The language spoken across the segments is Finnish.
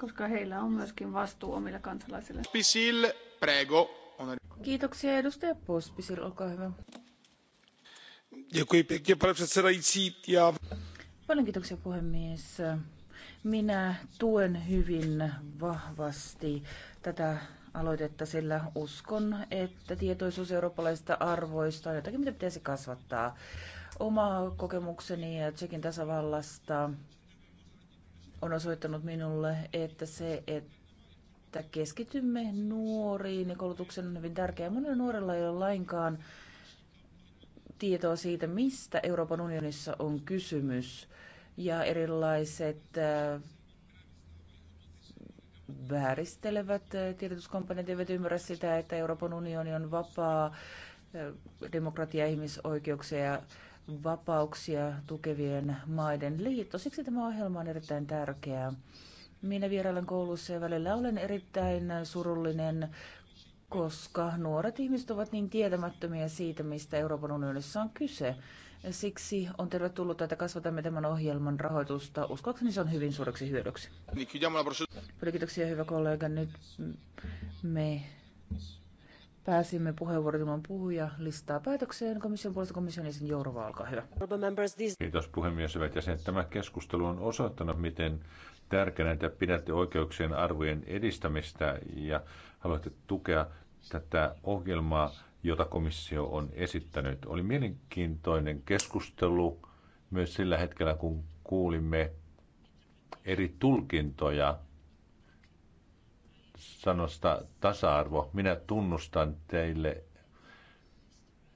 koska heillä on myöskin vastuu omille kansalaisille. Pisil, prego. Kiitoksia edustaja Pospisil, olkaa hyvä. Děkuji pěkně, pane předsedající. Já... Paljon kiitoksia puhemies. Minä tuen hyvin vahvasti tätä aloitetta, sillä uskon, että tietoisuus eurooppalaisista arvoista on jotakin, mitä pitäisi kasvattaa. Oma kokemukseni Tsekin tasavallasta on osoittanut minulle, että se, että keskitymme nuoriin ja koulutuksen on hyvin tärkeää. Monilla nuorilla ei ole lainkaan tietoa siitä, mistä Euroopan unionissa on kysymys ja erilaiset äh, vääristelevät tiedotuskampanjat eivät ymmärrä sitä, että Euroopan unioni on vapaa äh, demokratia, ihmisoikeuksia ja vapauksia tukevien maiden liitto. Siksi tämä ohjelma on erittäin tärkeää. Minä vierailen koulussa ja välillä olen erittäin surullinen, koska nuoret ihmiset ovat niin tietämättömiä siitä, mistä Euroopan unionissa on kyse. Siksi on tervetullut, että kasvatamme tämän ohjelman rahoitusta. Uskoakseni se on hyvin suureksi hyödyksi. Niin, kiitoksia, hyvä kollega. Nyt me pääsimme puheenvuoron puhuja listaa päätökseen. Komission puolesta komission jäsen Jourova, olkaa hyvä. Kiitos puhemies, hyvät jäsenet. Tämä keskustelu on osoittanut, miten tärkeänä te pidätte oikeuksien arvojen edistämistä ja haluatte tukea tätä ohjelmaa, jota komissio on esittänyt. Oli mielenkiintoinen keskustelu myös sillä hetkellä, kun kuulimme eri tulkintoja sanosta tasa-arvo. Minä tunnustan teille,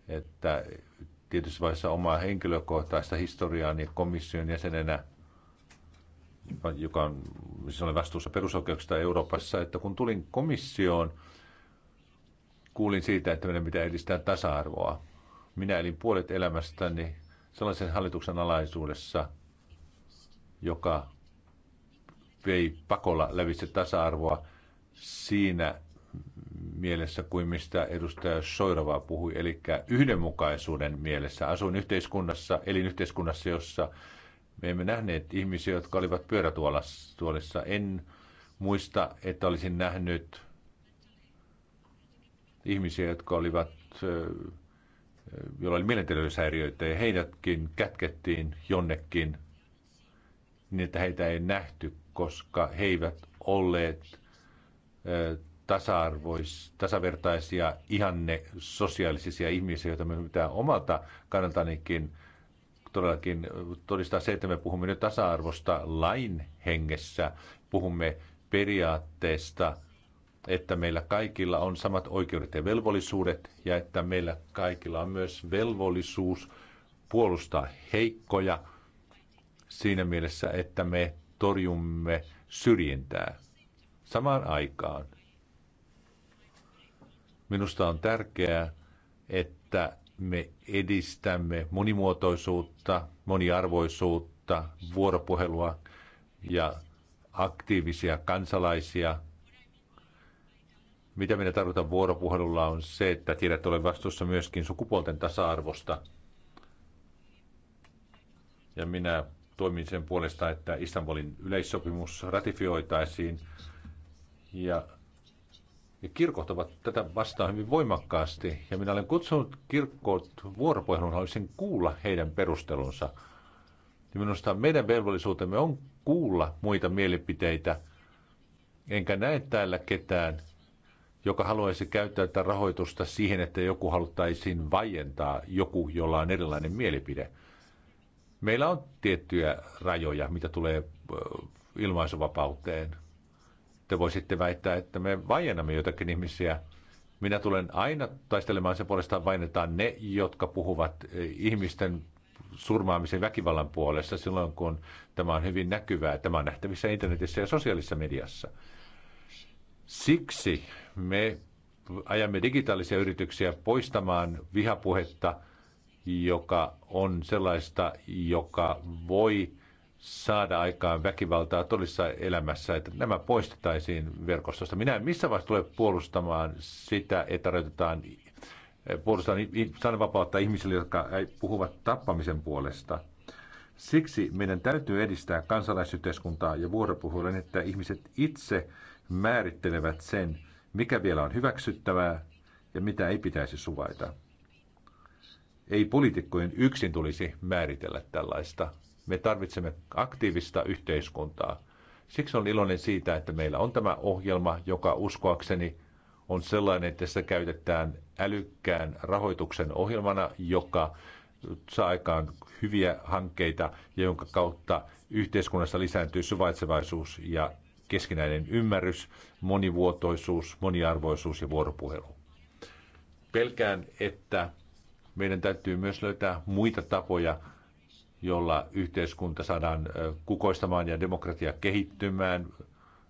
että tietysti vaiheessa omaa henkilökohtaista historiaani ja komission jäsenenä, joka on, siis olen vastuussa perusoikeuksista Euroopassa, että kun tulin komissioon, kuulin siitä, että meidän pitää edistää tasa-arvoa. Minä elin puolet elämästäni sellaisen hallituksen alaisuudessa, joka vei pakolla lävitse tasa-arvoa siinä mielessä kuin mistä edustaja Soirova puhui, eli yhdenmukaisuuden mielessä. Asuin yhteiskunnassa, elin yhteiskunnassa, jossa me emme nähneet ihmisiä, jotka olivat pyörätuolissa. En muista, että olisin nähnyt ihmisiä, jotka olivat, joilla oli mielenterveyshäiriöitä, ja heidätkin kätkettiin jonnekin niin, että heitä ei nähty, koska he eivät olleet tasa-arvois, tasavertaisia ihanne sosiaalisia ihmisiä, joita me pitää omalta kannaltanikin todellakin todistaa se, että me puhumme nyt tasa-arvosta lain hengessä. Puhumme periaatteesta, että meillä kaikilla on samat oikeudet ja velvollisuudet ja että meillä kaikilla on myös velvollisuus puolustaa heikkoja siinä mielessä, että me torjumme syrjintää samaan aikaan. Minusta on tärkeää, että me edistämme monimuotoisuutta, moniarvoisuutta, vuoropuhelua ja aktiivisia kansalaisia. Mitä minä tarkoitan vuoropuhelulla on se, että tiedät ole vastuussa myöskin sukupuolten tasa-arvosta. Ja minä toimin sen puolesta, että Istanbulin yleissopimus ratifioitaisiin – ja, ja kirkot ovat tätä vastaan hyvin voimakkaasti. Ja minä olen kutsunut kirkkoot vuoropuheluun, haluaisin kuulla heidän perustelunsa. Ja minusta meidän velvollisuutemme on kuulla muita mielipiteitä. Enkä näe täällä ketään, joka haluaisi käyttää tätä rahoitusta siihen, että joku haluttaisiin vaientaa, joku, jolla on erilainen mielipide. Meillä on tiettyjä rajoja, mitä tulee ilmaisuvapauteen te voisitte väittää, että me vaiennamme jotakin ihmisiä. Minä tulen aina taistelemaan sen puolesta, vainetaan ne, jotka puhuvat eh, ihmisten surmaamisen väkivallan puolesta silloin, kun tämä on hyvin näkyvää. Tämä on nähtävissä internetissä ja sosiaalisessa mediassa. Siksi me ajamme digitaalisia yrityksiä poistamaan vihapuhetta, joka on sellaista, joka voi saada aikaan väkivaltaa todellisessa elämässä, että nämä poistettaisiin verkostosta. Minä en missä vaiheessa tule puolustamaan sitä, että rajoitetaan puolustetaan sananvapautta ihmisille, jotka puhuvat tappamisen puolesta. Siksi meidän täytyy edistää kansalaisyhteiskuntaa ja vuoropuhelua, niin, että ihmiset itse määrittelevät sen, mikä vielä on hyväksyttävää ja mitä ei pitäisi suvaita. Ei poliitikkojen yksin tulisi määritellä tällaista. Me tarvitsemme aktiivista yhteiskuntaa. Siksi on iloinen siitä, että meillä on tämä ohjelma, joka uskoakseni on sellainen, että sitä käytetään älykkään rahoituksen ohjelmana, joka saa aikaan hyviä hankkeita ja jonka kautta yhteiskunnassa lisääntyy suvaitsevaisuus ja keskinäinen ymmärrys, monivuotoisuus, moniarvoisuus ja vuoropuhelu. Pelkään, että meidän täytyy myös löytää muita tapoja jolla yhteiskunta saadaan kukoistamaan ja demokratia kehittymään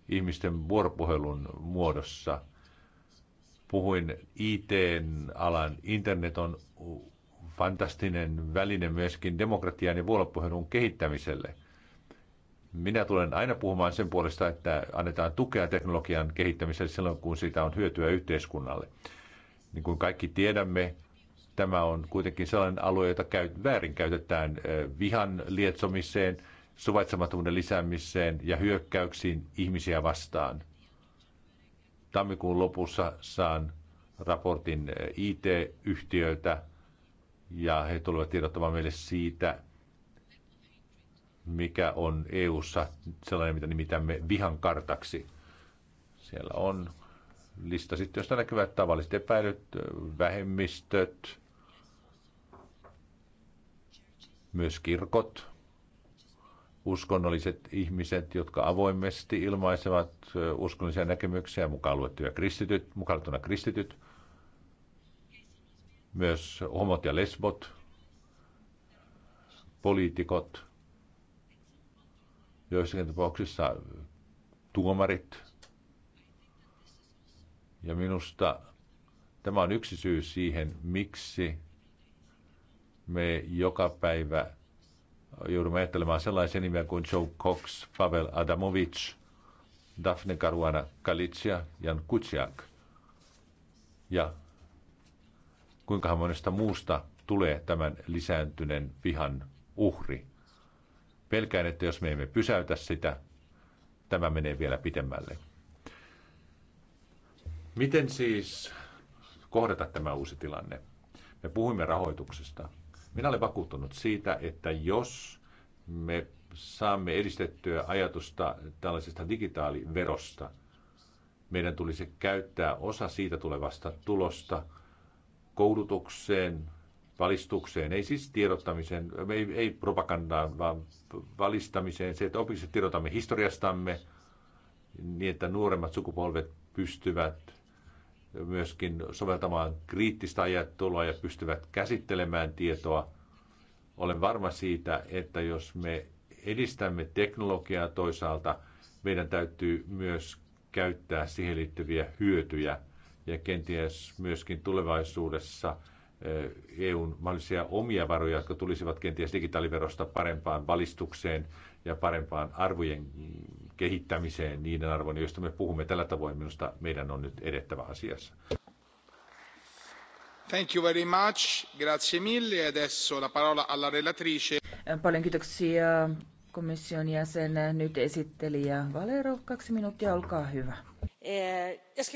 ihmisten vuoropuhelun muodossa. Puhuin IT-alan, internet on fantastinen väline myöskin demokratian ja vuoropuhelun kehittämiselle. Minä tulen aina puhumaan sen puolesta, että annetaan tukea teknologian kehittämiselle silloin, kun siitä on hyötyä yhteiskunnalle. Niin kuin kaikki tiedämme, Tämä on kuitenkin sellainen alue, jota käy, väärinkäytetään vihan lietsomiseen, suvaitsemattomuuden lisäämiseen ja hyökkäyksiin ihmisiä vastaan. Tammikuun lopussa saan raportin IT-yhtiöiltä ja he tulevat tiedottamaan meille siitä, mikä on EU:ssa sellainen, mitä nimitämme vihan kartaksi. Siellä on lista sitten, josta näkyvät tavalliset epäilyt, vähemmistöt, myös kirkot, uskonnolliset ihmiset, jotka avoimesti ilmaisevat uskonnollisia näkemyksiä, mukaan luettuja kristityt, mukaan kristityt, myös homot ja lesbot, poliitikot, joissakin tapauksissa tuomarit. Ja minusta tämä on yksi syy siihen, miksi me joka päivä joudumme ajattelemaan sellaisia nimiä kuin Joe Cox, Pavel Adamovic, Daphne Caruana Galicia, Jan Kuciak Ja kuinka monesta muusta tulee tämän lisääntyneen vihan uhri. Pelkään, että jos me emme pysäytä sitä, tämä menee vielä pitemmälle. Miten siis kohdata tämä uusi tilanne? Me puhuimme rahoituksesta, minä olen vakuuttunut siitä, että jos me saamme edistettyä ajatusta tällaisesta digitaaliverosta, meidän tulisi käyttää osa siitä tulevasta tulosta koulutukseen, valistukseen, ei siis tiedottamiseen, ei, ei propagandaan, vaan valistamiseen, se, että opiksi tiedotamme historiastamme niin, että nuoremmat sukupolvet pystyvät myöskin soveltamaan kriittistä ajattelua ja pystyvät käsittelemään tietoa. Olen varma siitä, että jos me edistämme teknologiaa toisaalta, meidän täytyy myös käyttää siihen liittyviä hyötyjä ja kenties myöskin tulevaisuudessa eh, EUn mahdollisia omia varoja, jotka tulisivat kenties digitaaliverosta parempaan valistukseen ja parempaan arvojen kehittämiseen niiden arvojen, joista me puhumme tällä tavoin. Minusta meidän on nyt edettävä asiassa. Thank you very much. Grazie mille. E adesso la parola alla relatrice. Paljon kiitoksia komission jäsen, nyt esittelijä Valero, kaksi minuuttia, olkaa hyvä. Eh, eh,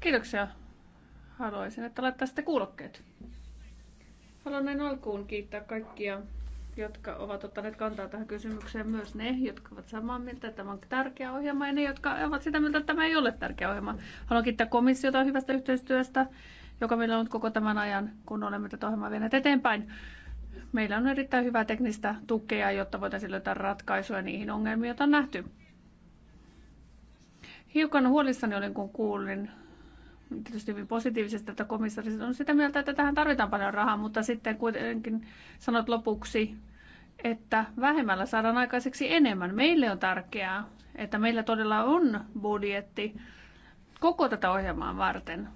kiitoksia. Haluaisin, että laittaisitte kuulokkeet. Haluan näin alkuun kiittää kaikkia jotka ovat ottaneet kantaa tähän kysymykseen, myös ne, jotka ovat samaa mieltä, että tämä on tärkeä ohjelma, ja ne, jotka ovat sitä mieltä, että tämä ei ole tärkeä ohjelma. Haluan kiittää komissiota hyvästä yhteistyöstä, joka meillä on ollut koko tämän ajan, kun olemme tätä ohjelmaa vieneet eteenpäin. Meillä on erittäin hyvää teknistä tukea, jotta voitaisiin löytää ratkaisuja niihin ongelmiin, joita on nähty. Hiukan huolissani olin, kun kuulin tietysti hyvin positiivisesti, että komissaari on sitä mieltä, että tähän tarvitaan paljon rahaa, mutta sitten kuitenkin sanot lopuksi, että vähemmällä saadaan aikaiseksi enemmän. Meille on tärkeää, että meillä todella on budjetti koko tätä ohjelmaa varten.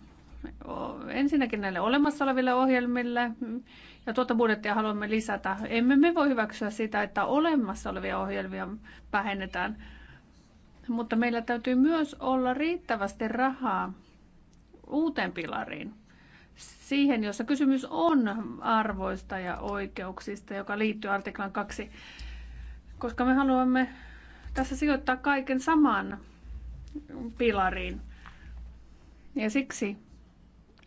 Ensinnäkin näille olemassa oleville ohjelmille, mm, ja tuota budjettia haluamme lisätä. Emme me voi hyväksyä sitä, että olemassa olevia ohjelmia vähennetään, mutta meillä täytyy myös olla riittävästi rahaa uuteen pilariin, siihen, jossa kysymys on arvoista ja oikeuksista, joka liittyy artiklan 2, koska me haluamme tässä sijoittaa kaiken samaan pilariin. Ja siksi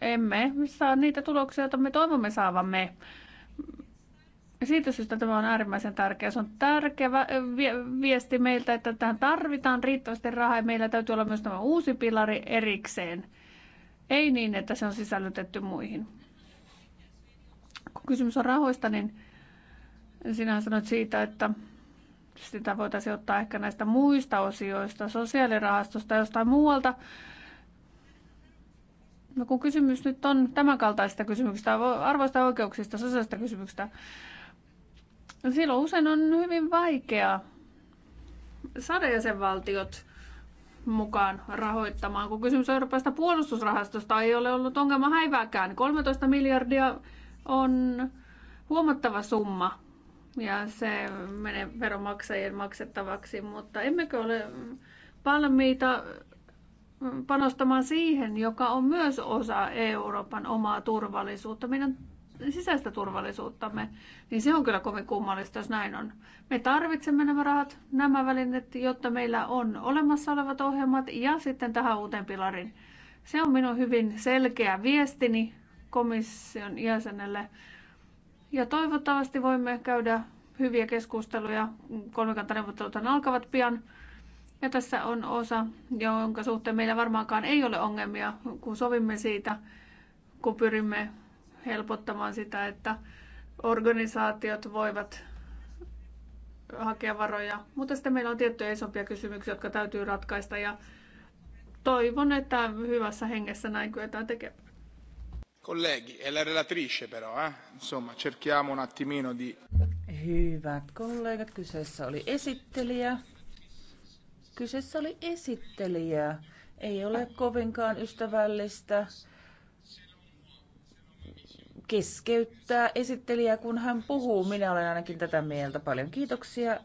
emme saa niitä tuloksia, joita me toivomme saavamme. Siitä syystä tämä on äärimmäisen tärkeä. Se on tärkeä viesti meiltä, että tähän tarvitaan riittävästi rahaa ja meillä täytyy olla myös tämä uusi pilari erikseen. Ei niin, että se on sisällytetty muihin. Kun kysymys on rahoista, niin sinähän sanoit siitä, että sitä voitaisiin ottaa ehkä näistä muista osioista, sosiaalirahastosta, jostain muualta. No kun kysymys nyt on tämänkaltaisista kysymyksistä, arvoista oikeuksista, sosiaalista kysymyksistä, silloin usein on hyvin vaikea saada jäsenvaltiot mukaan rahoittamaan, kun kysymys Euroopasta puolustusrahastosta ei ole ollut ongelma häivääkään. 13 miljardia on huomattava summa ja se menee veronmaksajien maksettavaksi, mutta emmekö ole valmiita panostamaan siihen, joka on myös osa Euroopan omaa turvallisuutta. Meidän sisäistä turvallisuuttamme, niin se on kyllä kovin kummallista, jos näin on. Me tarvitsemme nämä rahat, nämä välineet, jotta meillä on olemassa olevat ohjelmat ja sitten tähän uuteen pilarin. Se on minun hyvin selkeä viestini komission jäsenelle. Ja toivottavasti voimme käydä hyviä keskusteluja. Kolmikantaneuvottelut alkavat pian. Ja tässä on osa, jonka suhteen meillä varmaankaan ei ole ongelmia, kun sovimme siitä, kun pyrimme helpottamaan sitä, että organisaatiot voivat hakea varoja. Mutta sitten meillä on tiettyjä isompia kysymyksiä, jotka täytyy ratkaista ja toivon, että hyvässä hengessä näin kyetään tekemään. Kollegi, è e la relatrice però, eh? Insomma, cerchiamo un attimino di... Hyvät kollegat, kyseessä oli esittelijä. Kyseessä oli esittelijä. Ei ole kovinkaan ystävällistä keskeyttää esittelijä, kun hän puhuu. Minä olen ainakin tätä mieltä. Paljon kiitoksia.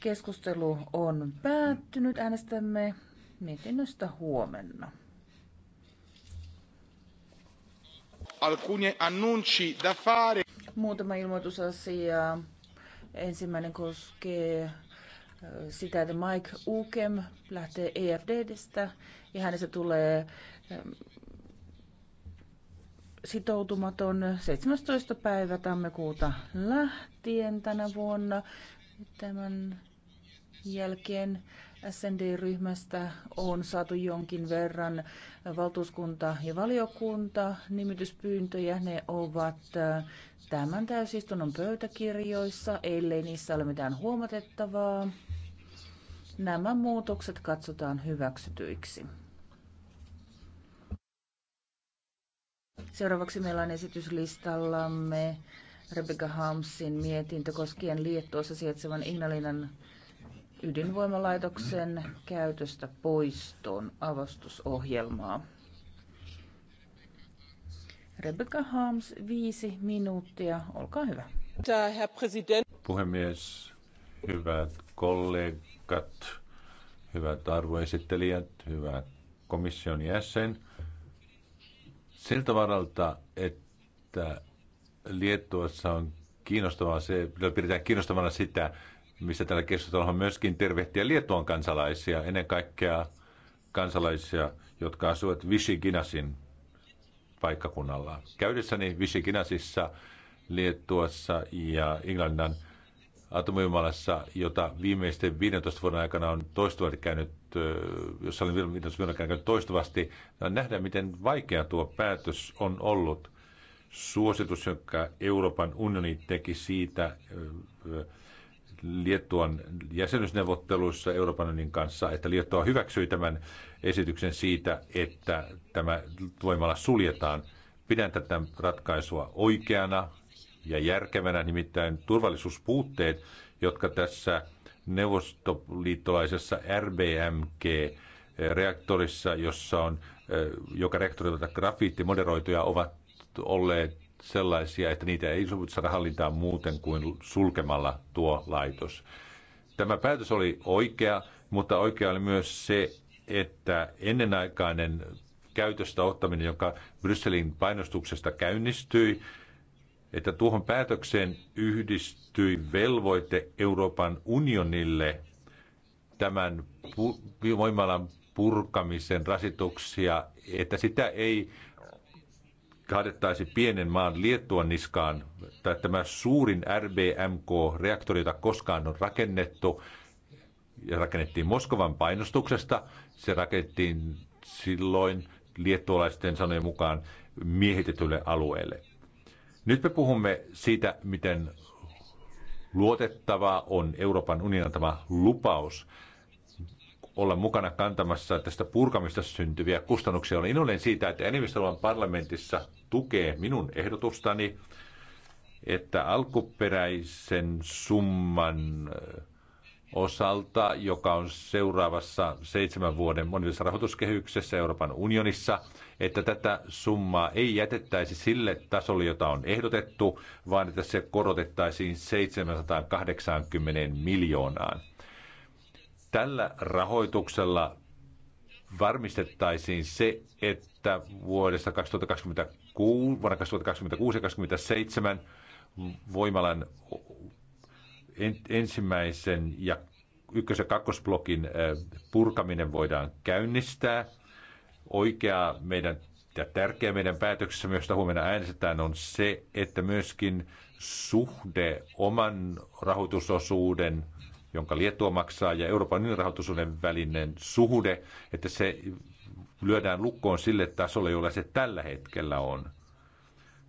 Keskustelu on päättynyt. Äänestämme mietinnöstä huomenna. Alcuni annunci da fare. Muutama ilmoitusasia. Ensimmäinen koskee äh, sitä, että Mike Ukem lähtee EFDstä ja hänestä tulee ähm, sitoutumaton 17. päivä tammikuuta lähtien tänä vuonna. Tämän jälkeen SND-ryhmästä on saatu jonkin verran valtuuskunta- ja valiokunta nimityspyyntöjä. Ne ovat äh, tämän täysistunnon pöytäkirjoissa, ellei niissä ole mitään huomatettavaa. Nämä muutokset katsotaan hyväksytyiksi. Seuraavaksi meillä on esityslistallamme Rebecca Hamsin mietintö koskien Liettuossa sijaitsevan Ignalinan ydinvoimalaitoksen käytöstä poistoon avastusohjelmaa. Rebecca Harms, viisi minuuttia. Olkaa hyvä. Puhemies, hyvät kollegat, hyvät arvoesittelijät, hyvät komission jäsen siltä varalta, että Liettuassa on kiinnostavaa se, pidetään kiinnostavana sitä, tällä keskustelulla on myöskin tervehtiä Liettuan kansalaisia, ennen kaikkea kansalaisia, jotka asuvat Visiginasin paikkakunnalla. Käydessäni Visiginasissa Liettuassa ja Englannin atomivoimalassa, jota viimeisten 15 vuoden aikana on toistuvasti käynyt, jossa olen 15 vuoden aikana käynyt toistuvasti, nähdään, miten vaikea tuo päätös on ollut. Suositus, jonka Euroopan unioni teki siitä Liettuan jäsenyysneuvotteluissa Euroopan unionin kanssa, että Liettua hyväksyi tämän esityksen siitä, että tämä voimala suljetaan. Pidän tätä ratkaisua oikeana, ja järkevänä, nimittäin turvallisuuspuutteet, jotka tässä neuvostoliittolaisessa RBMG-reaktorissa, eh, jossa on, eh, joka reaktorilta grafiittimoderoituja ovat olleet sellaisia, että niitä ei sovitu saada hallintaan muuten kuin sulkemalla tuo laitos. Tämä päätös oli oikea, mutta oikea oli myös se, että ennenaikainen käytöstä ottaminen, joka Brysselin painostuksesta käynnistyi, että tuohon päätökseen yhdistyi velvoite Euroopan unionille tämän voimalan purkamisen rasituksia, että sitä ei kaadettaisi pienen maan Liettuan niskaan, tai tämä suurin RBMK-reaktori, jota koskaan on rakennettu, ja rakennettiin Moskovan painostuksesta, se rakennettiin silloin liettualaisten sanojen mukaan miehitetylle alueelle. Nyt me puhumme siitä, miten luotettava on Euroopan unionin tämä lupaus olla mukana kantamassa tästä purkamista syntyviä kustannuksia. Olen iloinen siitä, että enemmistöluvan parlamentissa tukee minun ehdotustani, että alkuperäisen summan osalta, joka on seuraavassa seitsemän vuoden monivuotisessa rahoituskehyksessä Euroopan unionissa – että tätä summaa ei jätettäisi sille tasolle, jota on ehdotettu, vaan että se korotettaisiin 780 miljoonaan. Tällä rahoituksella varmistettaisiin se, että vuodesta 2026, vuonna 2026 ja 2027 voimalan ensimmäisen ja ykkös- ja kakkosblokin äh, purkaminen voidaan käynnistää – oikeaa meidän ja tärkeä meidän päätöksessämme, myös huomenna äänestetään, on se, että myöskin suhde oman rahoitusosuuden, jonka Liettua maksaa, ja Euroopan unionin rahoitusosuuden välinen suhde, että se lyödään lukkoon sille tasolle, jolla se tällä hetkellä on.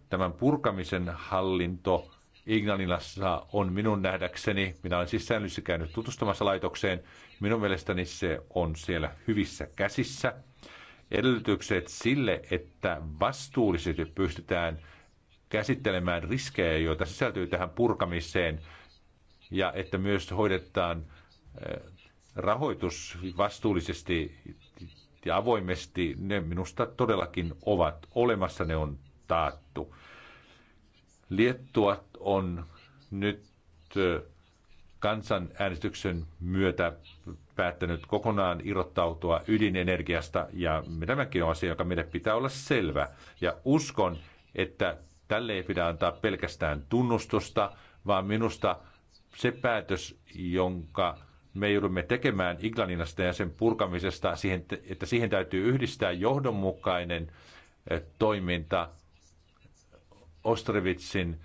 Tämän purkamisen hallinto Ignalinassa on minun nähdäkseni, minä olen siis säännöllisesti käynyt tutustumassa laitokseen, minun mielestäni se on siellä hyvissä käsissä – edellytykset sille, että vastuullisesti pystytään käsittelemään riskejä, joita sisältyy tähän purkamiseen, ja että myös hoidetaan eh, rahoitus vastuullisesti ja avoimesti, ne minusta todellakin ovat olemassa, ne on taattu. Liettuat on nyt eh, kansanäänestyksen myötä päättänyt kokonaan irrottautua ydinenergiasta, ja tämäkin on asia, joka meille pitää olla selvä. Ja uskon, että tälle ei pidä antaa pelkästään tunnustusta, vaan minusta se päätös, jonka me joudumme tekemään Iglaninasta ja sen purkamisesta, siihen, että siihen täytyy yhdistää johdonmukainen toiminta Ostrovitsin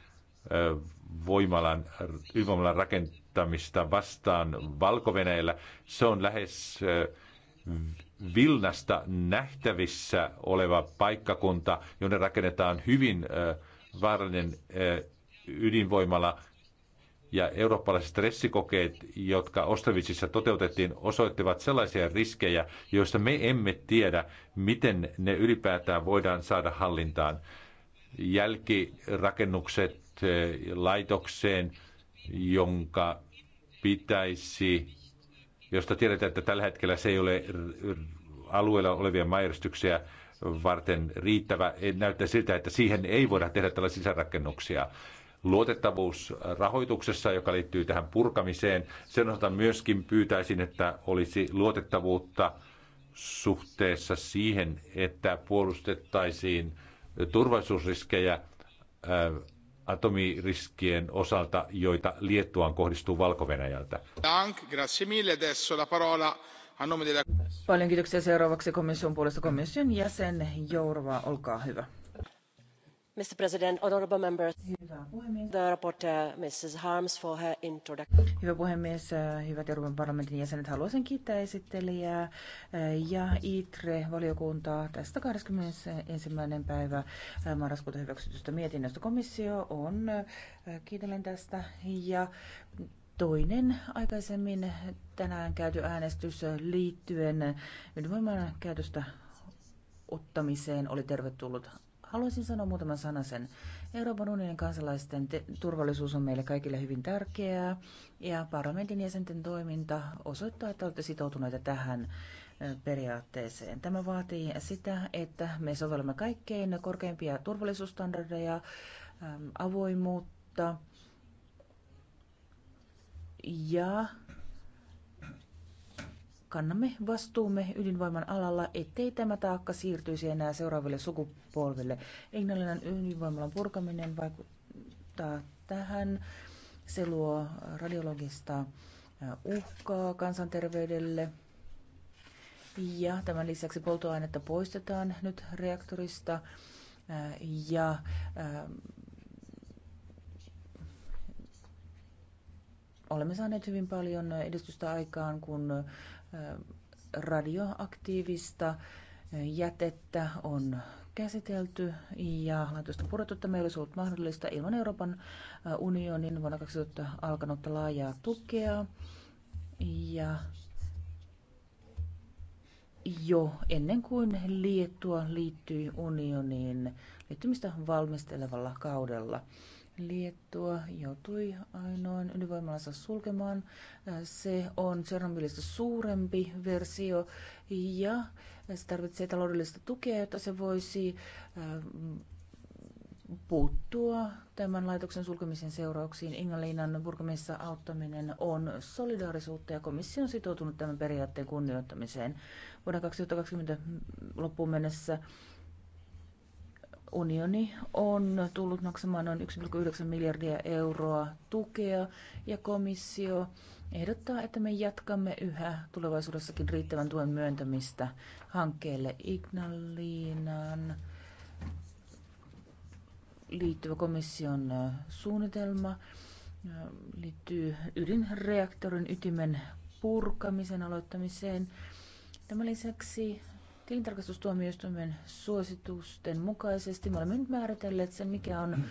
voimalan, ydinvoimalan rakentamista pakottamista vastaan valko -Venäjällä. Se on lähes Vilnasta nähtävissä oleva paikkakunta, jonne rakennetaan hyvin vaarallinen ydinvoimala. Ja eurooppalaiset stressikokeet, jotka Ostovitsissa toteutettiin, osoittivat sellaisia riskejä, joista me emme tiedä, miten ne ylipäätään voidaan saada hallintaan. Jälkirakennukset laitokseen jonka pitäisi, josta tiedetään, että tällä hetkellä se ei ole alueella olevia maanjärjestyksiä varten riittävä. Näyttää siltä, että siihen ei voida tehdä tällaisia sisärakennuksia. Luotettavuus rahoituksessa, joka liittyy tähän purkamiseen, sen osalta myöskin pyytäisin, että olisi luotettavuutta suhteessa siihen, että puolustettaisiin turvallisuusriskejä atomiriskien osalta, joita Liettuaan kohdistuu Valko-Venäjältä. Paljon kiitoksia seuraavaksi komission puolesta komission jäsen Jourova, olkaa hyvä mr president honourable members puhemies. the rapporteur harms for her introduction. Hyvä puhemies, äh, hyvät Euroopan parlamentin jäsenet, haluaisin kiittää esittelijää äh, ja ITRE-valiokuntaa tästä 21. päivä äh, marraskuuta hyväksytystä mietinnöstä. Komissio on, kiitellen tästä, ja toinen aikaisemmin tänään käyty äänestys liittyen ydinvoiman käytöstä ottamiseen oli tervetullut Haluaisin sanoa muutaman sanan sen. Euroopan unionin kansalaisten te- turvallisuus on meille kaikille hyvin tärkeää ja parlamentin jäsenten toiminta osoittaa, että olette sitoutuneita tähän periaatteeseen. Tämä vaatii sitä, että me sovellamme kaikkein korkeimpia turvallisuusstandardeja, avoimuutta ja kannamme vastuumme ydinvoiman alalla, ettei tämä taakka siirtyisi enää seuraaville sukupolville. Ignalinan ydinvoimalan purkaminen vaikuttaa tähän. Se luo radiologista äh, uhkaa kansanterveydelle. Ja tämän lisäksi polttoainetta poistetaan nyt reaktorista äh, ja ähm, olemme saaneet hyvin paljon edistystä aikaan, kun radioaktiivista jätettä on käsitelty ja laitosta purettu. Tämä ei olisi ollut mahdollista ilman Euroopan unionin vuonna 2000 alkanutta laajaa tukea. Ja jo ennen kuin Liettua liittyi unioniin liittymistä valmistelevalla kaudella. Liettua joutui ainoan ydinvoimalansa sulkemaan. Se on Tsernobylista suurempi versio ja se tarvitsee taloudellista tukea, jotta se voisi ähm, puuttua tämän laitoksen sulkemisen seurauksiin. Ingaliinan purkamissa auttaminen on solidaarisuutta ja komissio on sitoutunut tämän periaatteen kunnioittamiseen. Vuoden 2020 loppuun mennessä unioni on tullut maksamaan noin 1,9 miljardia euroa tukea ja komissio ehdottaa, että me jatkamme yhä tulevaisuudessakin riittävän tuen myöntämistä hankkeelle Ignaliinan liittyvä komission suunnitelma liittyy ydinreaktorin ytimen purkamisen aloittamiseen. Tämän lisäksi tilintarkastustuomioistuimen suositusten mukaisesti me olemme nyt määritelleet sen, mikä on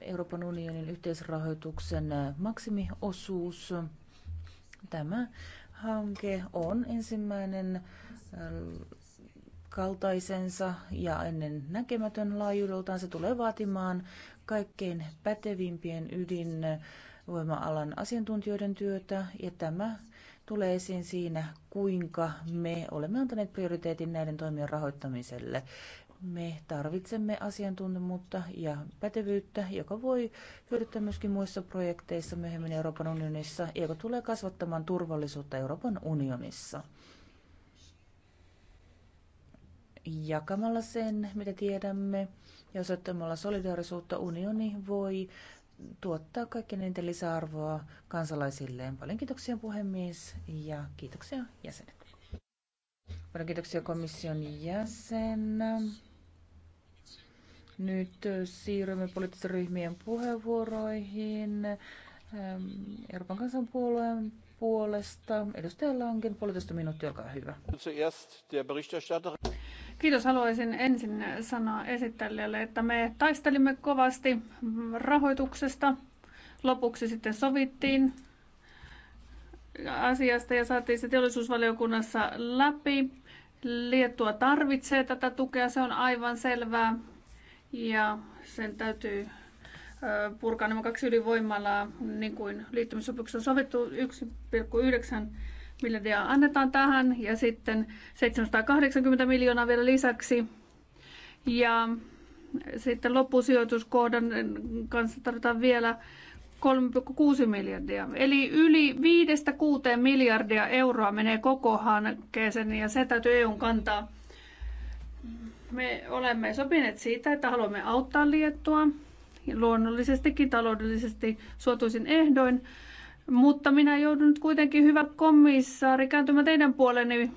Euroopan unionin yhteisrahoituksen maksimiosuus. Tämä hanke on ensimmäinen kaltaisensa ja ennen näkemätön laajuudeltaan. Se tulee vaatimaan kaikkein pätevimpien ydinvoima-alan asiantuntijoiden työtä ja tämä tulee esiin siinä, kuinka me olemme antaneet prioriteetin näiden toimien rahoittamiselle. Me tarvitsemme asiantuntemusta ja pätevyyttä, joka voi hyödyttää myöskin muissa projekteissa myöhemmin Euroopan unionissa, joka tulee kasvattamaan turvallisuutta Euroopan unionissa. Jakamalla sen, mitä tiedämme, ja osoittamalla solidaarisuutta unioni voi tuottaa kaikkien eniten lisäarvoa kansalaisilleen. Paljon kiitoksia puhemies ja kiitoksia jäsenet. Paljon kiitoksia komission jäsen. Nyt siirrymme poliittisten ryhmien puheenvuoroihin. Euroopan kansanpuolueen puolesta. Edustaja Langen, puolitoista minuuttia, olkaa hyvä. Kiitos. Haluaisin ensin sanoa esittelijälle, että me taistelimme kovasti rahoituksesta. Lopuksi sitten sovittiin asiasta ja saatiin se teollisuusvaliokunnassa läpi. Liettua tarvitsee tätä tukea, se on aivan selvää. Ja sen täytyy purkaa nämä kaksi ydinvoimalaa, niin kuin liittymissopimuksessa on sovittu 1,9 miljardia annetaan tähän ja sitten 780 miljoonaa vielä lisäksi. Ja sitten loppusijoituskohdan kanssa tarvitaan vielä 3,6 miljardia. Eli yli 5-6 miljardia euroa menee koko hankkeeseen ja se täytyy EUn kantaa. Me olemme sopineet siitä, että haluamme auttaa Liettua luonnollisestikin taloudellisesti suotuisin ehdoin, mutta minä joudun nyt kuitenkin, hyvä komissaari, kääntymään teidän puoleni.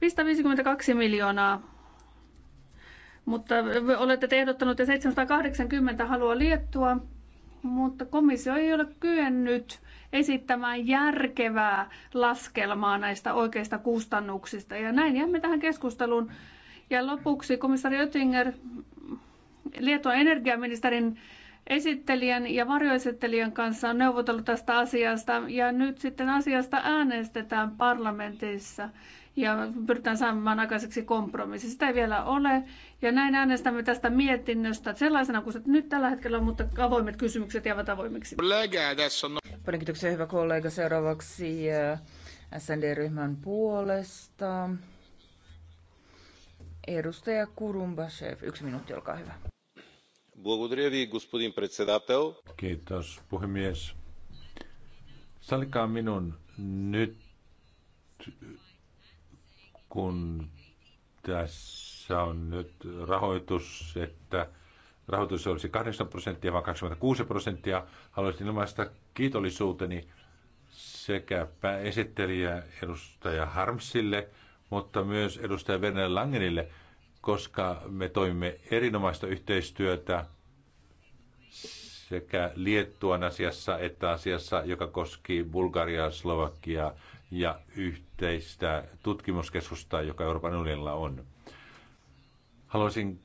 552 miljoonaa. Mutta olette ehdottanut ja 780 haluaa liettua, mutta komissio ei ole kyennyt esittämään järkevää laskelmaa näistä oikeista kustannuksista. Ja näin jäämme tähän keskusteluun. Ja lopuksi komissaari Oettinger, Lietuan energiaministerin esittelijän ja varjoesittelijän kanssa on neuvotellut tästä asiasta ja nyt sitten asiasta äänestetään parlamentissa ja pyritään saamaan aikaiseksi kompromissi. Sitä ei vielä ole ja näin äänestämme tästä mietinnöstä sellaisena kuin se nyt tällä hetkellä on, mutta avoimet kysymykset jäävät avoimiksi. Paljon kiitoksia hyvä kollega. Seuraavaksi äh, SND-ryhmän puolesta. Edustaja Kurumbashev, yksi minuutti, olkaa hyvä. Kiitos puhemies. Sallikaa minun nyt, kun tässä on nyt rahoitus, että rahoitus olisi 8 prosenttia, vaan 26 prosenttia. Haluaisin ilmaista kiitollisuuteni sekä esittelijä edustaja Harmsille, mutta myös edustaja Werner Langenille – koska me toimimme erinomaista yhteistyötä sekä Liettuan asiassa että asiassa, joka koski Bulgariaa, Slovakiaa ja yhteistä tutkimuskeskusta, joka Euroopan unionilla on. Haluaisin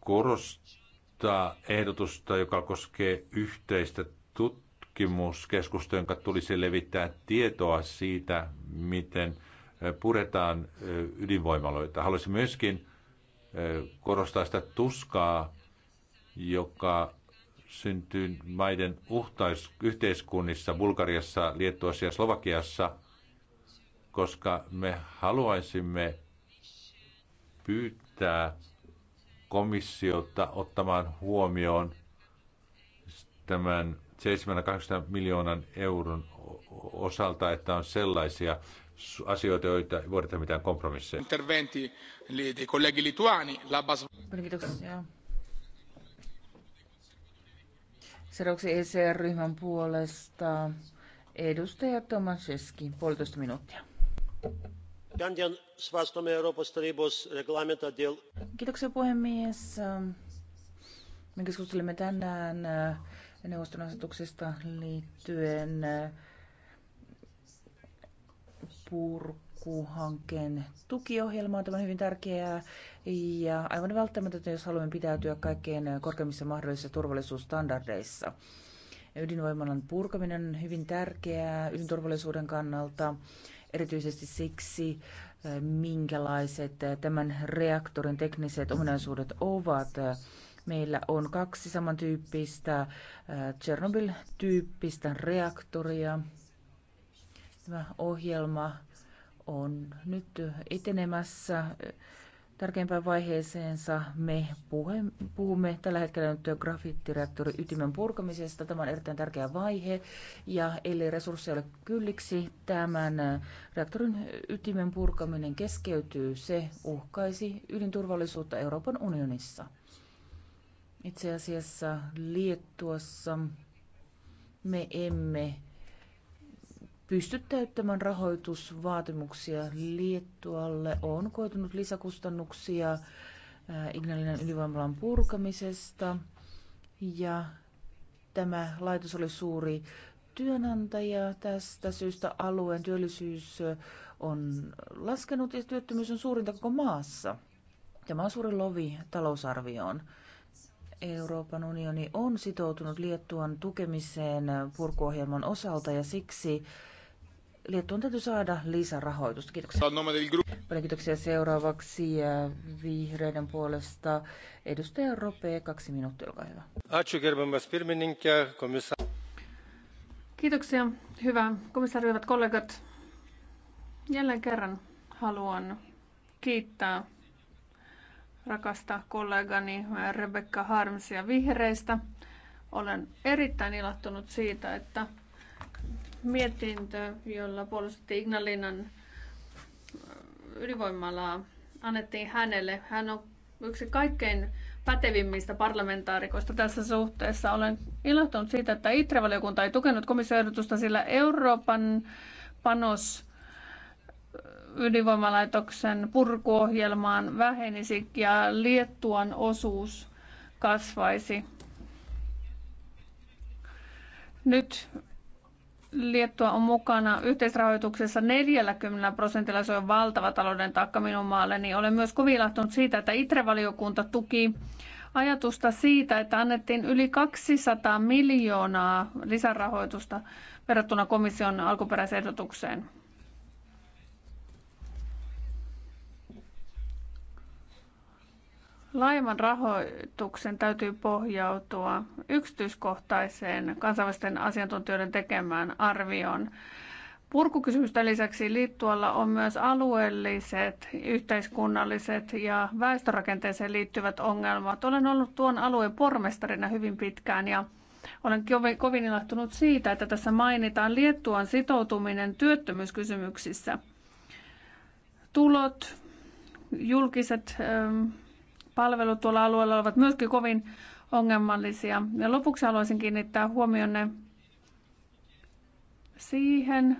korostaa ehdotusta, joka koskee yhteistä tutkimuskeskusta, jonka tulisi levittää tietoa siitä, miten puretaan ydinvoimaloita. Haluaisin myöskin korostaa sitä tuskaa, joka syntyy maiden uhtais, yhteiskunnissa, Bulgariassa, Liettuassa ja Slovakiassa, koska me haluaisimme pyytää komissiota ottamaan huomioon tämän 780 miljoonan euron osalta, että on sellaisia asioita, joita ei voida tehdä mitään kompromisseja. Interventi dei colleghi lituani, Labas... Kiitoksia. Seuraavaksi ECR-ryhmän puolesta edustaja Tomaszewski, puolitoista minuuttia. Kiitoksia puhemies. Me keskustelemme tänään äh, neuvoston asetuksesta liittyen äh, purkuhankkeen tukiohjelma Tämä tämän hyvin tärkeää ja aivan välttämätöntä, jos haluamme pitäytyä kaikkein korkeimmissa mahdollisissa turvallisuusstandardeissa. Ydinvoimalan purkaminen on hyvin tärkeää ydinturvallisuuden kannalta, erityisesti siksi, minkälaiset tämän reaktorin tekniset ominaisuudet ovat. Meillä on kaksi samantyyppistä Chernobyl-tyyppistä äh, reaktoria, Tämä ohjelma on nyt etenemässä tärkeimpään vaiheeseensa. Me puhumme tällä hetkellä nyt grafiittireaktori ytimen purkamisesta. Tämä on erittäin tärkeä vaihe ja ellei resursseja ole kylliksi, tämän reaktorin ytimen purkaminen keskeytyy. Se uhkaisi ydinturvallisuutta Euroopan unionissa. Itse asiassa Liettuassa me emme pysty täyttämään rahoitusvaatimuksia. Liettualle on koitunut lisäkustannuksia äh, Ignalinan ydinvoimalan purkamisesta ja tämä laitos oli suuri työnantaja. Tästä syystä alueen työllisyys on laskenut ja työttömyys on suurinta koko maassa. Tämä on suuri lovi talousarvioon. Euroopan unioni on sitoutunut Liettuan tukemiseen purkuohjelman osalta ja siksi Liettuun täytyy saada lisärahoitusta. Kiitoksia. Paljon kiitoksia seuraavaksi äh, vihreiden puolesta. Edustaja Rope, kaksi minuuttia, olkaa hyvä. Kiitoksia, hyvä komissaari, hyvät kollegat. Jälleen kerran haluan kiittää rakasta kollegani Rebecca Harmsia vihreistä. Olen erittäin ilahtunut siitä, että mietintö, jolla puolustettiin Ignalinan äh, ydinvoimalaa, annettiin hänelle. Hän on yksi kaikkein pätevimmistä parlamentaarikoista tässä suhteessa. Olen ilahtunut siitä, että ITRE-valiokunta ei tukenut komissioehdotusta, sillä Euroopan panos äh, ydinvoimalaitoksen purkuohjelmaan vähenisi ja Liettuan osuus kasvaisi. Nyt Liettua on mukana yhteisrahoituksessa 40 prosentilla, se on valtava talouden taakka minun maalle, niin olen myös kovin ilahtunut siitä, että ITRE-valiokunta tuki ajatusta siitä, että annettiin yli 200 miljoonaa lisärahoitusta verrattuna komission alkuperäisehdotukseen. Laivan rahoituksen täytyy pohjautua yksityiskohtaiseen kansainvälisten asiantuntijoiden tekemään arvioon. Purkukysymysten lisäksi liittualla on myös alueelliset, yhteiskunnalliset ja väestörakenteeseen liittyvät ongelmat. Olen ollut tuon alueen pormestarina hyvin pitkään ja olen kovin ilahtunut siitä, että tässä mainitaan Liettuan sitoutuminen työttömyyskysymyksissä. Tulot, julkiset ähm, palvelut tuolla alueella ovat myöskin kovin ongelmallisia. Ja lopuksi haluaisin kiinnittää huomionne siihen,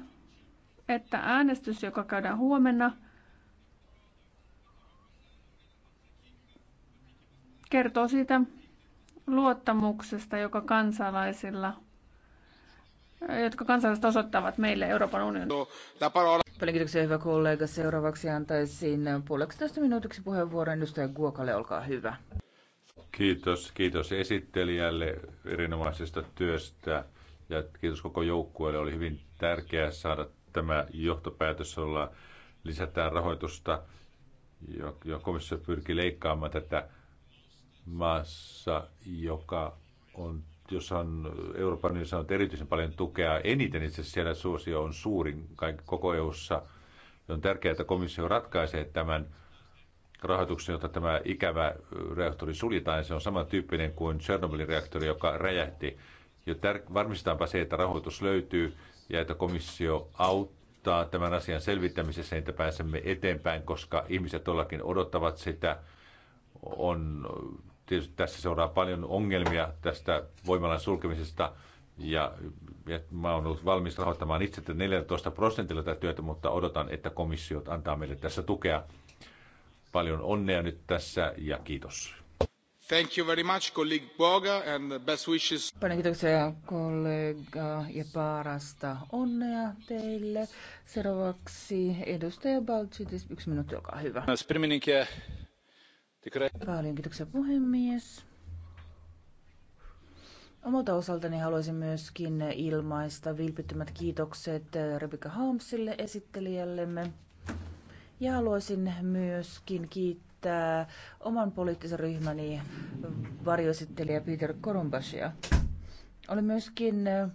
että äänestys, joka käydään huomenna, kertoo siitä luottamuksesta, joka kansalaisilla, jotka kansalaiset osoittavat meille Euroopan unionin. Paljon kiitoksia, hyvä kollega. Seuraavaksi antaisin puoleksitoista minuutiksi puheenvuoron edustaja Guokalle. Olkaa hyvä. Kiitos, kiitos esittelijälle erinomaisesta työstä ja kiitos koko joukkueelle. Oli hyvin tärkeää saada tämä johtopäätös, olla lisätään rahoitusta ja komissio pyrkii leikkaamaan tätä maassa, joka on jos on Euroopan niin saanut erityisen paljon tukea. Eniten itse asiassa siellä suosio on suurin koko EUssa. On tärkeää, että komissio ratkaisee tämän rahoituksen, jota tämä ikävä reaktori suljetaan. Se on samantyyppinen kuin Chernobylin reaktori, joka räjähti. Jo tär- varmistetaanpa se, että rahoitus löytyy ja että komissio auttaa tämän asian selvittämisessä, että pääsemme eteenpäin, koska ihmiset todellakin odottavat sitä. On tietysti tässä seuraa paljon ongelmia tästä voimalan sulkemisesta, ja, ja mä oon ollut valmis rahoittamaan itse 14 prosentilla tätä työtä, mutta odotan, että komissio antaa meille tässä tukea. Paljon onnea nyt tässä ja kiitos. Thank you very much, colleague Boga, and best wishes. Paljon kiitoksia kollega ja parasta onnea teille. Seuraavaksi edustaja Balcitis, yksi minuutti, olkaa hyvä. Myös Paljon kiitoksia puhemies. Omalta osaltani haluaisin myöskin ilmaista vilpittömät kiitokset eh, Rebecca Holmesille esittelijällemme. Ja haluaisin myöskin kiittää oman poliittisen ryhmäni varjoesittelijä Peter Korumbashia. Olen myöskin eh,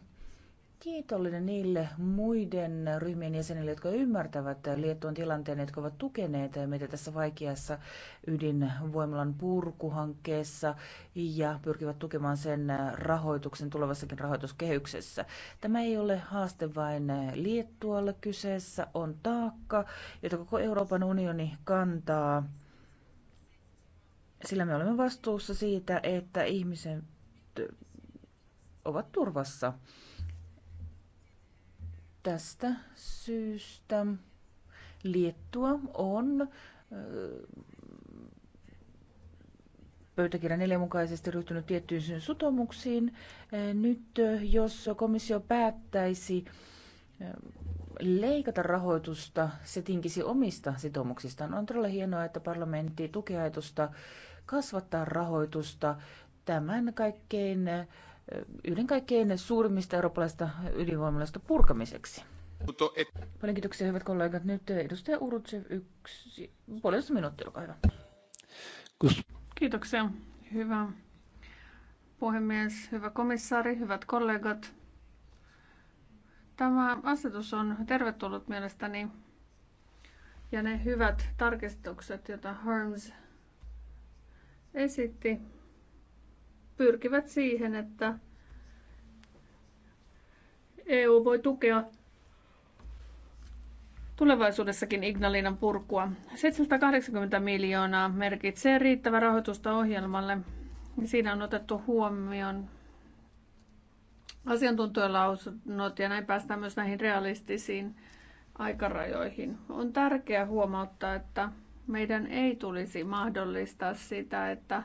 kiitollinen niille muiden ryhmien jäsenille, jotka ymmärtävät Liettuan tilanteen, jotka ovat tukeneet meitä tässä vaikeassa ydinvoimalan purkuhankkeessa ja pyrkivät tukemaan sen rahoituksen tulevassakin rahoituskehyksessä. Tämä ei ole haaste vain Liettualle kyseessä, on taakka, jota koko Euroopan unioni kantaa, sillä me olemme vastuussa siitä, että ihmiset ovat turvassa. Tästä syystä Liettua on pöytäkirjan neljän mukaisesti ryhtynyt tiettyihin sutomuksiin. Nyt jos komissio päättäisi leikata rahoitusta, se tinkisi omista sitoumuksistaan. On todella hienoa, että parlamentti tukiajatusta kasvattaa rahoitusta tämän kaikkein yhden kaikkein suurimmista eurooppalaisista ydinvoimalaista purkamiseksi. Paljon kiitoksia, hyvät kollegat. Nyt edustaja Urutsev, yksi puolitoista minuuttia, olkaa hyvä. Kiitoksia, hyvä puhemies, hyvä komissaari, hyvät kollegat. Tämä asetus on tervetullut mielestäni ja ne hyvät tarkistukset, joita Harms esitti, pyrkivät siihen, että EU voi tukea tulevaisuudessakin Ignalinan purkua. 780 miljoonaa merkitsee riittävä rahoitusta ohjelmalle. Siinä on otettu huomioon asiantuntijalausunnot ja näin päästään myös näihin realistisiin aikarajoihin. On tärkeää huomauttaa, että meidän ei tulisi mahdollistaa sitä, että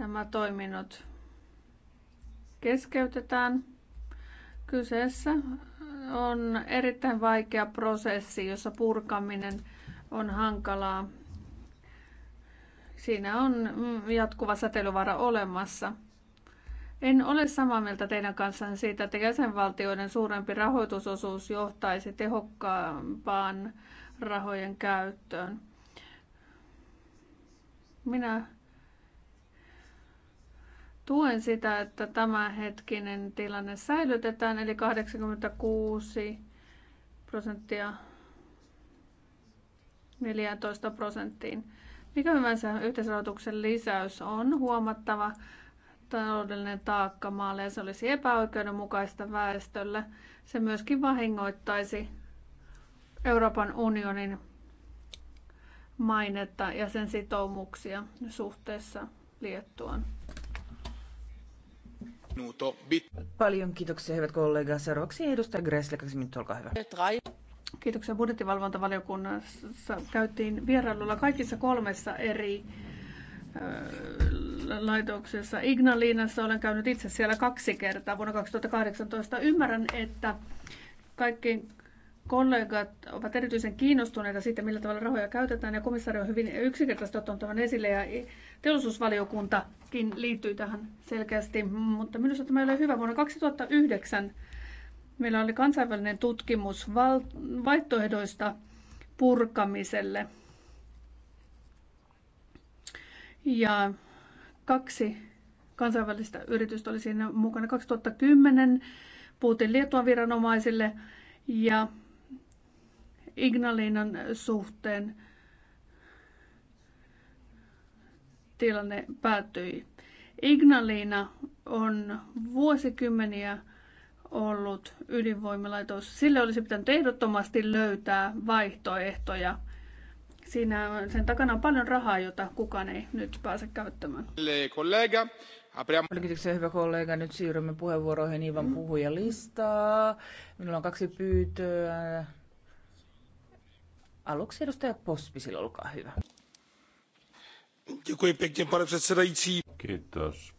nämä toiminnot keskeytetään. Kyseessä on erittäin vaikea prosessi, jossa purkaminen on hankalaa. Siinä on jatkuva säteilyvara olemassa. En ole samaa mieltä teidän kanssanne siitä, että jäsenvaltioiden suurempi rahoitusosuus johtaisi tehokkaampaan rahojen käyttöön. Minä Tuen sitä, että tämänhetkinen tilanne säilytetään, eli 86 prosenttia 14 prosenttiin. Mikä hyvänsä yhteisrahoituksen lisäys on huomattava taloudellinen taakka maalle ja se olisi epäoikeudenmukaista väestölle. Se myöskin vahingoittaisi Euroopan unionin mainetta ja sen sitoumuksia suhteessa Liettuaan. Paljon kiitoksia, hyvät kollega. Seuraavaksi edustaja Gressle, kaksi minuuttia, olkaa hyvä. Kiitoksia budjettivalvontavaliokunnassa. Käytiin vierailulla kaikissa kolmessa eri laitoksessa. Ignaliinassa olen käynyt itse siellä kaksi kertaa vuonna 2018. Ymmärrän, että kaikki kollegat ovat erityisen kiinnostuneita siitä, millä tavalla rahoja käytetään, ja komissaari on hyvin yksinkertaisesti ottanut tämän esille, ja teollisuusvaliokuntakin liittyy tähän selkeästi, mutta minusta tämä oli hyvä. Vuonna 2009 meillä oli kansainvälinen tutkimus vaihtoehdoista purkamiselle. Ja kaksi kansainvälistä yritystä oli siinä mukana. 2010 puhuttiin Liettuan viranomaisille ja Ignalinan suhteen tilanne päättyi. Ignalina on vuosikymmeniä ollut ydinvoimalaitos. Sille olisi pitänyt ehdottomasti löytää vaihtoehtoja. Siinä on, sen takana on paljon rahaa, jota kukaan ei nyt pääse käyttämään. Kollega, Kiitoksia hyvä kollega. Nyt siirrymme puheenvuoroihin Ivan mm-hmm. puhujalistaa. Minulla on kaksi pyytöä. Aluksi edustaja Pospisil, olkaa hyvä pane předsedající Kiitos,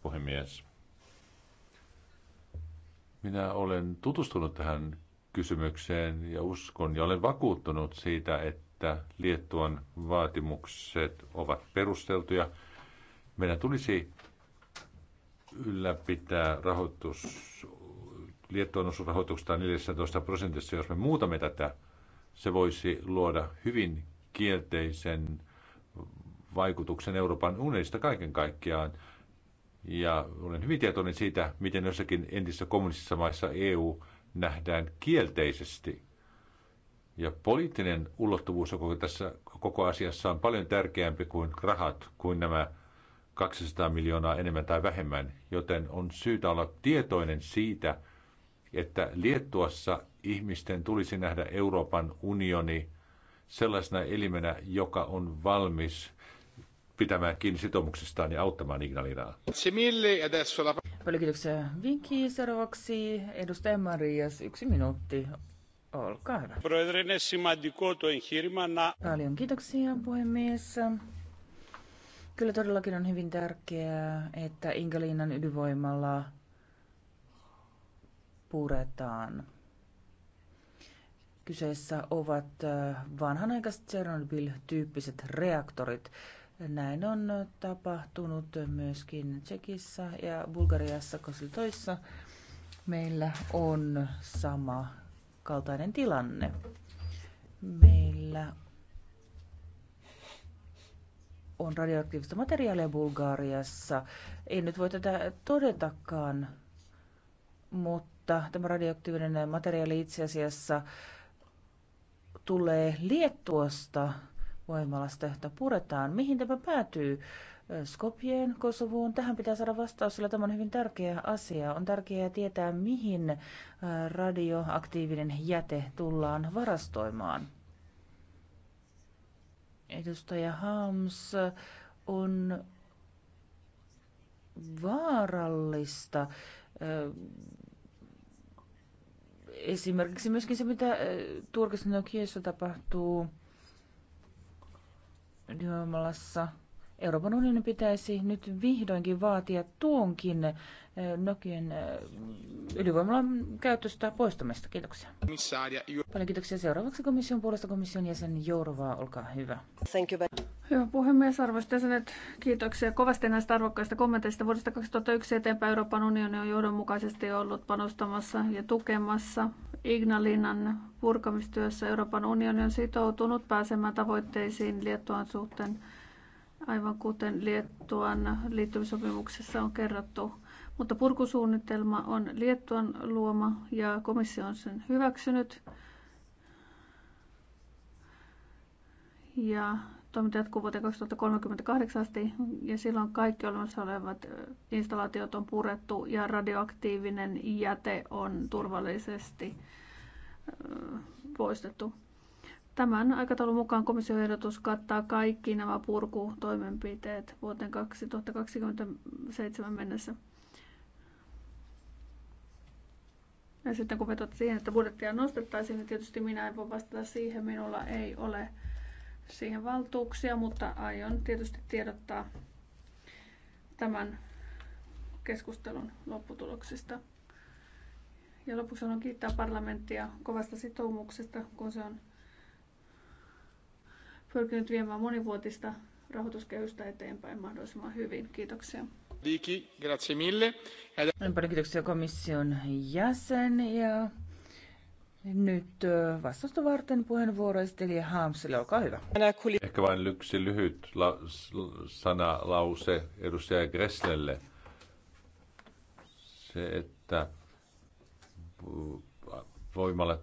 Minä olen tutustunut tähän kysymykseen ja uskon ja olen vakuuttunut siitä, että Liettuan vaatimukset ovat perusteltuja. Meidän tulisi ylläpitää rahoitus, Liettuan osuus rahoituksesta 14 prosentissa. Jos me muutamme tätä, se voisi luoda hyvin kielteisen vaikutuksen Euroopan unionista kaiken kaikkiaan. Ja olen hyvin tietoinen siitä, miten jossakin entisissä kommunistisissa maissa EU nähdään kielteisesti. Ja poliittinen ulottuvuus koko tässä koko asiassa on paljon tärkeämpi kuin rahat, kuin nämä 200 miljoonaa enemmän tai vähemmän, joten on syytä olla tietoinen siitä, että Liettuassa ihmisten tulisi nähdä Euroopan unioni sellaisena elimenä, joka on valmis pitämään kiinni sitoumuksistaan ja auttamaan Ignalinaa. Paljon kiitoksia Vinki. Seuraavaksi edustaja Marias, yksi minuutti. Olkaa hyvä. Paljon kiitoksia puhemies. Kyllä todellakin on hyvin tärkeää, että Ingalinan ydinvoimalla puretaan. Kyseessä ovat äh, vanhanaikaiset Chernobyl-tyyppiset reaktorit. Näin on tapahtunut myöskin Tsekissä ja Bulgariassa toissa. Meillä on sama kaltainen tilanne. Meillä on radioaktiivista materiaalia Bulgariassa. Ei nyt voi tätä todetakaan, mutta tämä radioaktiivinen materiaali itse asiassa tulee Liettuosta voimalasta, jota puretaan. Mihin tämä päätyy? Skopjeen, kosovuun? Tähän pitää saada vastaus, sillä tämä on hyvin tärkeä asia. On tärkeää tietää, mihin radioaktiivinen jäte tullaan varastoimaan. Edustaja Hams on vaarallista. Esimerkiksi myöskin se, mitä Turkissa Nokiassa tapahtuu – Diomolassa Euroopan unionin pitäisi nyt vihdoinkin vaatia tuonkin eh, Nokian eh, ydinvoimalan käytöstä poistamista. Kiitoksia. Paljon kiitoksia. Seuraavaksi komission puolesta komission jäsen Jourova, olkaa hyvä. Thank you. Hyvä puhemies, arvoisat jäsenet, kiitoksia kovasti näistä arvokkaista kommenteista. Vuodesta 2001 eteenpäin Euroopan unioni on johdonmukaisesti ollut panostamassa ja tukemassa Ignalinan purkamistyössä Euroopan unioni on sitoutunut pääsemään tavoitteisiin Liettuan suhteen, aivan kuten Liettuan liittymissopimuksessa on kerrottu. Mutta purkusuunnitelma on Liettuan luoma ja komissio on sen hyväksynyt. Ja Toiminta jatkuu vuoteen 2038 asti ja silloin kaikki olemassa olevat installaatiot on purettu ja radioaktiivinen jäte on turvallisesti poistettu. Tämän aikataulun mukaan komission ehdotus kattaa kaikki nämä purkutoimenpiteet vuoteen 2027 mennessä. Ja sitten kun vetot siihen, että budjettia nostettaisiin, niin tietysti minä en voi vastata siihen, minulla ei ole siihen valtuuksia, mutta aion tietysti tiedottaa tämän keskustelun lopputuloksista. Ja lopuksi haluan kiittää parlamenttia kovasta sitoumuksesta, kun se on pyrkinyt viemään monivuotista rahoituskehystä eteenpäin mahdollisimman hyvin. Kiitoksia. Viiki, Paljon kiitoksia komission jäsen ja nyt vastausta varten puheenvuoro esteli Haamsille, olkaa hyvä. Ehkä vain yksi lyhyt la- sana, lause edustaja Gresslelle. Se, että voimalla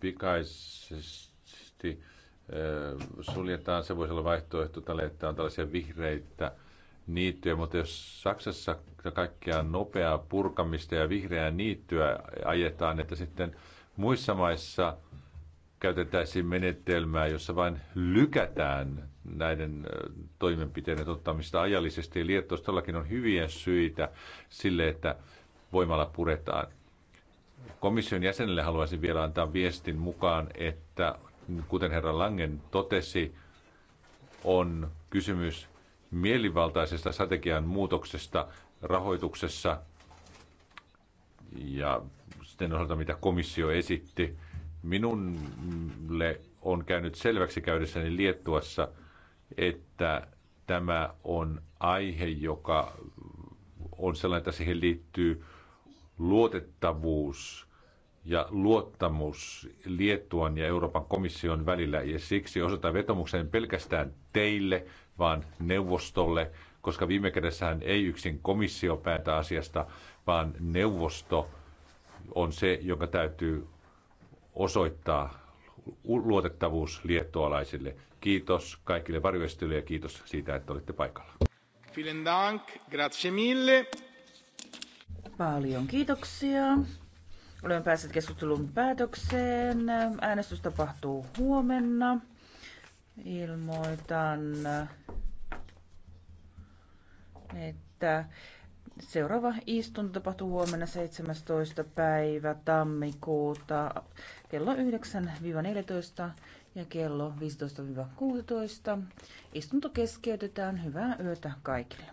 pikaisesti suljetaan, se voisi olla vaihtoehto tälle, että on tällaisia vihreitä niittyjä, mutta jos Saksassa kaikkea nopeaa purkamista ja vihreää niittyä ajetaan, että sitten – Muissa maissa käytettäisiin menetelmää, jossa vain lykätään näiden toimenpiteiden ottamista ajallisesti. Eli että todellakin on hyviä syitä sille, että voimalla puretaan. Komission jäsenelle haluaisin vielä antaa viestin mukaan, että kuten herra Langen totesi, on kysymys mielivaltaisesta strategian muutoksesta rahoituksessa ja ehdotusten osalta, mitä komissio esitti. Minulle on käynyt selväksi käydessäni Liettuassa, että tämä on aihe, joka on sellainen, että siihen liittyy luotettavuus ja luottamus Liettuan ja Euroopan komission välillä. Ja siksi osoitan vetomuksen pelkästään teille, vaan neuvostolle, koska viime kädessähän ei yksin komissio päätä asiasta, vaan neuvosto on se, jonka täytyy osoittaa luotettavuus liettualaisille. Kiitos kaikille varjoistelijoille ja kiitos siitä, että olitte paikalla. Vielen dank, grazie mille. Paljon kiitoksia. Olemme päässeet keskustelun päätökseen. Äänestys tapahtuu huomenna. Ilmoitan, että Seuraava istunto tapahtuu huomenna 17. päivä tammikuuta kello 9-14 ja kello 15-16. Istunto keskeytetään. Hyvää yötä kaikille.